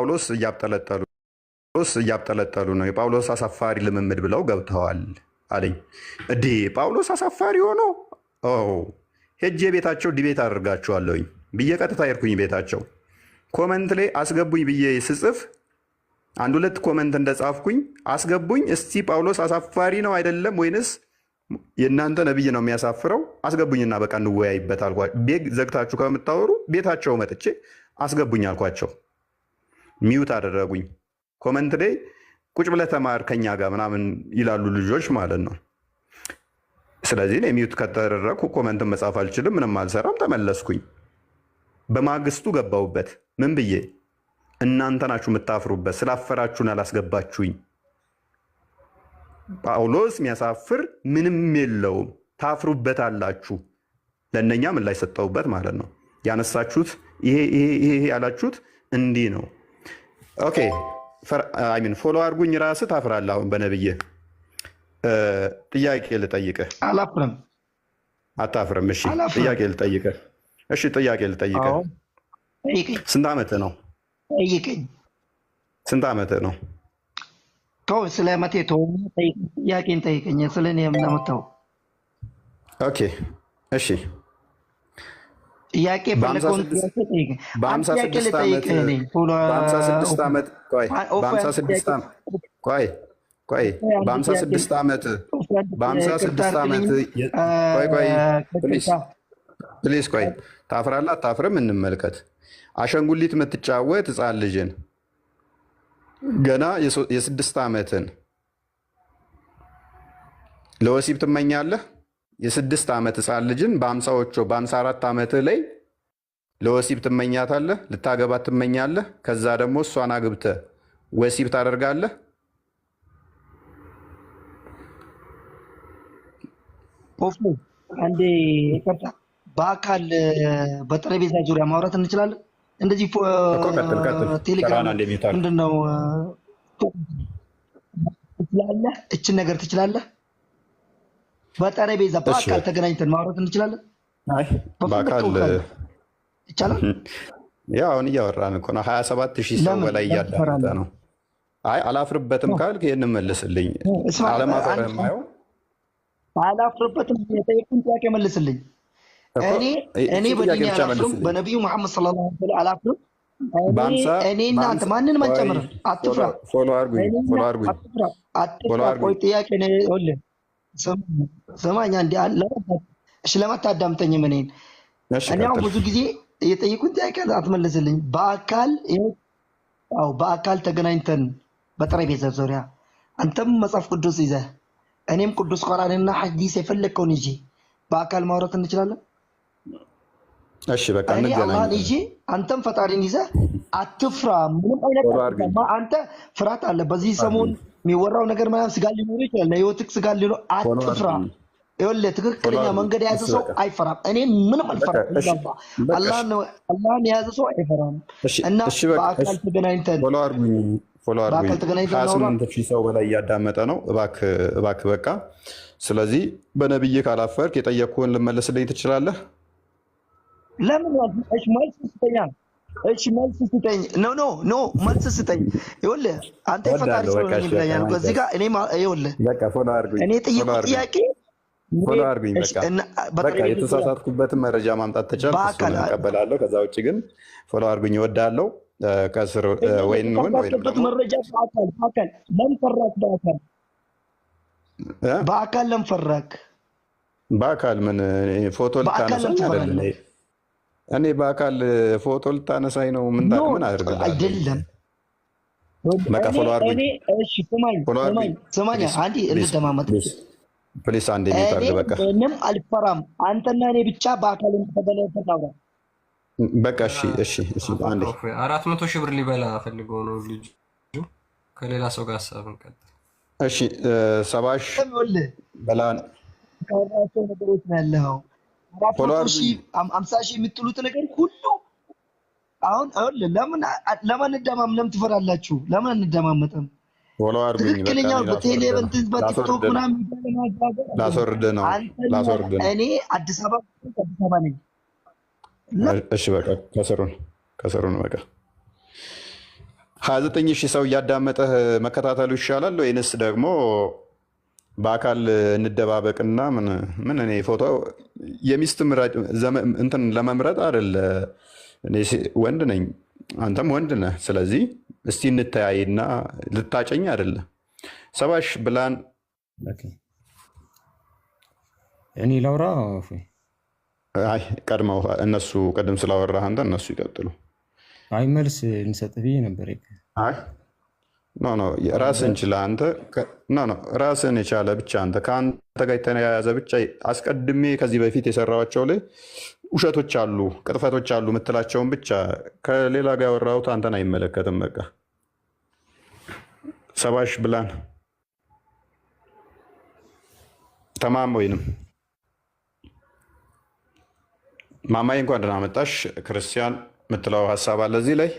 ጳውሎስ እያብጠለጠሉ ጳውሎስ እያብጠለጠሉ ነው የጳውሎስ አሳፋሪ ልምምድ ብለው ገብተዋል አለኝ። እዴ ጳውሎስ አሳፋሪ ሆኖ ሄጄ ቤታቸው ዲቤት አደርጋቸዋለሁኝ ብዬ ቀጥታ የርኩኝ ቤታቸው። ኮመንት ላይ አስገቡኝ ብዬ ስጽፍ አንድ ሁለት ኮመንት እንደጻፍኩኝ አስገቡኝ። እስቲ ጳውሎስ አሳፋሪ ነው አይደለም ወይንስ የእናንተ ነብይ ነው የሚያሳፍረው? አስገቡኝና በቃ እንወያይበት ቤግ ዘግታችሁ ከምታወሩ ቤታቸው መጥቼ አስገቡኝ አልኳቸው። ሚዩት አደረጉኝ። ኮመንት ላይ ቁጭ ብለህ ተማር ከኛ ጋር ምናምን ይላሉ ልጆች ማለት ነው። ስለዚህ እኔ ሚዩት ከተደረግኩ ኮመንትን መጻፍ አልችልም፣ ምንም አልሰራም። ተመለስኩኝ። በማግስቱ ገባሁበት። ምን ብዬ እናንተ ናችሁ የምታፍሩበት፣ ስላፈራችሁን አላስገባችሁኝ። ጳውሎስ የሚያሳፍር ምንም የለውም፣ ታፍሩበት አላችሁ። ለእነኛ ምላሽ ሰጠሁበት ማለት ነው። ያነሳችሁት ይሄ ይሄ ያላችሁት እንዲህ ነው ኦኬ አይሚን ፎሎ አድርጉኝ። ራስ ታፍራለህ። አሁን በነብዬ ጥያቄ ልጠይቀ አላፍርም። አታፍርም? እሺ ጥያቄ ልጠይቀ። እሺ ጥያቄ ልጠይቀ። ስንት ዓመት ነው? ጠይቅኝ። ስንት ዓመት ነው? ተው፣ ስለ መቴ ተው። ጥያቄን ጠይቀኝ። ስለ እኔ ምናምተው። ኦኬ እሺ ጥያቄ ፈለገውን ጥያቄ ልጠይቅህ። ቆይ ስድስት ዓመት ስድስት ዓመት ፕሊስ ቆይ፣ ታፍራለህ አታፍርም? እንመልከት። አሻንጉሊት የምትጫወት ህፃን ልጅን ገና የስድስት ዓመትን ለወሲብ ትመኛለህ? የስድስት ዓመት ህፃን ልጅን በአምሳዎቹ በአምሳ አራት ዓመት ላይ ለወሲብ ትመኛታለህ፣ ልታገባት ትመኛለህ። ከዛ ደግሞ እሷን አግብተ ወሲብ ታደርጋለህ። ኦፍሙ አንዴ ይቅርታ፣ በአካል በጠረጴዛ ዙሪያ ማውራት እንችላለን። እንደዚህ ቴሌግራም ምንድን ነው ትችላለህ? እችን ነገር ትችላለህ? በጠረጴዛ በአካል ተገናኝተን ማውራት እንችላለን። በአካል ይቻላል። ያው አሁን እያወራን እኮ ነው። ሀያ ሰባት ሺህ ሰው በላይ እያዳመጠ ነው። አይ አላፍርበትም ካልክ ይህን መልስልኝ። አለማፈር የማየው አላፍርበትም። የጠየቁን ጥያቄ መልስልኝ። እኔ በዲኔ አላፍርም፣ በነቢዩ መሐመድ ስለ ላ አላፍርም። እኔ እናንተ ማንንም አንጨምርም። አትፍራ፣ አትፍራ። ቆይ ጥያቄ ሆልን ሰማኛ እንዲ እሺ፣ ለማታዳምጠኝም እኔን እኔ አሁን ብዙ ጊዜ የጠየቁት ጥያቄ አትመለስልኝ። በአካል አዎ፣ በአካል ተገናኝተን በጠረጴዛ ዙሪያ አንተም መጽሐፍ ቅዱስ ይዘህ እኔም ቅዱስ ቁርአንና ሐዲስ የፈለግከውን ይዤ በአካል ማውራት እንችላለን። እሺ፣ በቃ እንገናኝ ይዤ አንተም ፈጣሪን ይዘህ አትፍራ። ምንም አይነት አንተ ፍርሃት አለ በዚህ ሰሞን የሚወራው ነገር ምናምን ስጋ ሊኖር ይችላል። ለህይወትህ ስጋ ሊኖር አትፍራ። ይኸውልህ ትክክለኛ መንገድ የያዘ ሰው አይፈራም። እኔ ምንም አልፈራም። አላህን የያዘ ሰው አይፈራም። እና በአካል ተገናኝተን ሰው በላይ እያዳመጠ ነው። እባክህ በቃ ስለዚህ ካላፈርክ ልመለስልኝ ትችላለህ። ለምን ማለት ነው እሺ መልስ ስጠኝ። ኖ ኖ ኖ መልስ ስጠኝ። ይኸውልህ አንተ የፈጣሪ ሰው ነኝ ብለኛል። በዚህ ጋር እኔ ይኸውልህ እኔ ጥይቁ ጥያቄ በቃ የተሳሳትኩበትን መረጃ ማምጣት ተቻል እቀበላለሁ። ከዛ ውጭ ግን ፎሎ አድርጉኝ እወዳለሁ። ከስር ወይን ሆን መረጃ በአካል ለምን ፈራክ? በአካል በአካል ለምን ፈራክ? በአካል ምን ፎቶ ልታነሳች አይደለ እኔ በአካል ፎቶ ልታነሳኝ ነው? ምን ምን አድርጋለሁ? አይደለም ምንም አልፈራም። አንተና እኔ ብቻ በአካል በቃ እሺ፣ እሺ፣ እሺ። አንዴ አራት መቶ ሺህ ብር ሊበላ ፈልገው ነው ልጁ። ከሌላ ሰው ጋር ሀሳብ እንቀጥል። እሺ፣ ሰባሽ በላ ነገሮች ነው ያለው አምሳ ሺህ የምትሉት ነገር ሁሉ አሁን አሁን ለምን ለማንደማም ለምን ትፈራላችሁ? ለምን አንደማመጥም? ፎሎ አድርጉኝ። በቴሌ በቴሌቨንት በቲክቶክ ምናምን ላስወርድ ነው ላስወርድ ነው። እኔ አዲስ አበባ አዲስ አበባ ነኝ። እሺ በቃ ከሰሩን ከሰሩን በቃ ሀያ ዘጠኝ ሺህ ሰው እያዳመጠህ መከታተሉ ይሻላል ወይንስ ደግሞ በአካል እንደባበቅና ምን እኔ ፎቶ የሚስት እንትን ለመምረጥ አይደለ። ወንድ ነኝ አንተም ወንድ ነህ። ስለዚህ እስቲ እንተያይና ልታጨኝ አደለ ሰባሽ ብላን እኔ ላውራ። አይ ቀድመው እነሱ ቅድም ስላወራህ አንተ እነሱ ይቀጥሉ። አይ መልስ ልንሰጥ ብዬ ነበር። አይ ኖ ኖ ራስን ችለ አንተ ኖ ኖ ራስን የቻለ ብቻ አንተ ከአንተ ጋር የተያያዘ ብቻ አስቀድሜ ከዚህ በፊት የሰራኋቸው ላይ ውሸቶች አሉ፣ ቅጥፈቶች አሉ የምትላቸውን ብቻ ከሌላ ጋር ያወራሁት አንተን አይመለከትም። በቃ ሰባሽ ብላን ተማም ወይንም ማማዬ እንኳን ደህና መጣሽ ክርስቲያን የምትለው ሀሳብ አለ እዚህ ላይ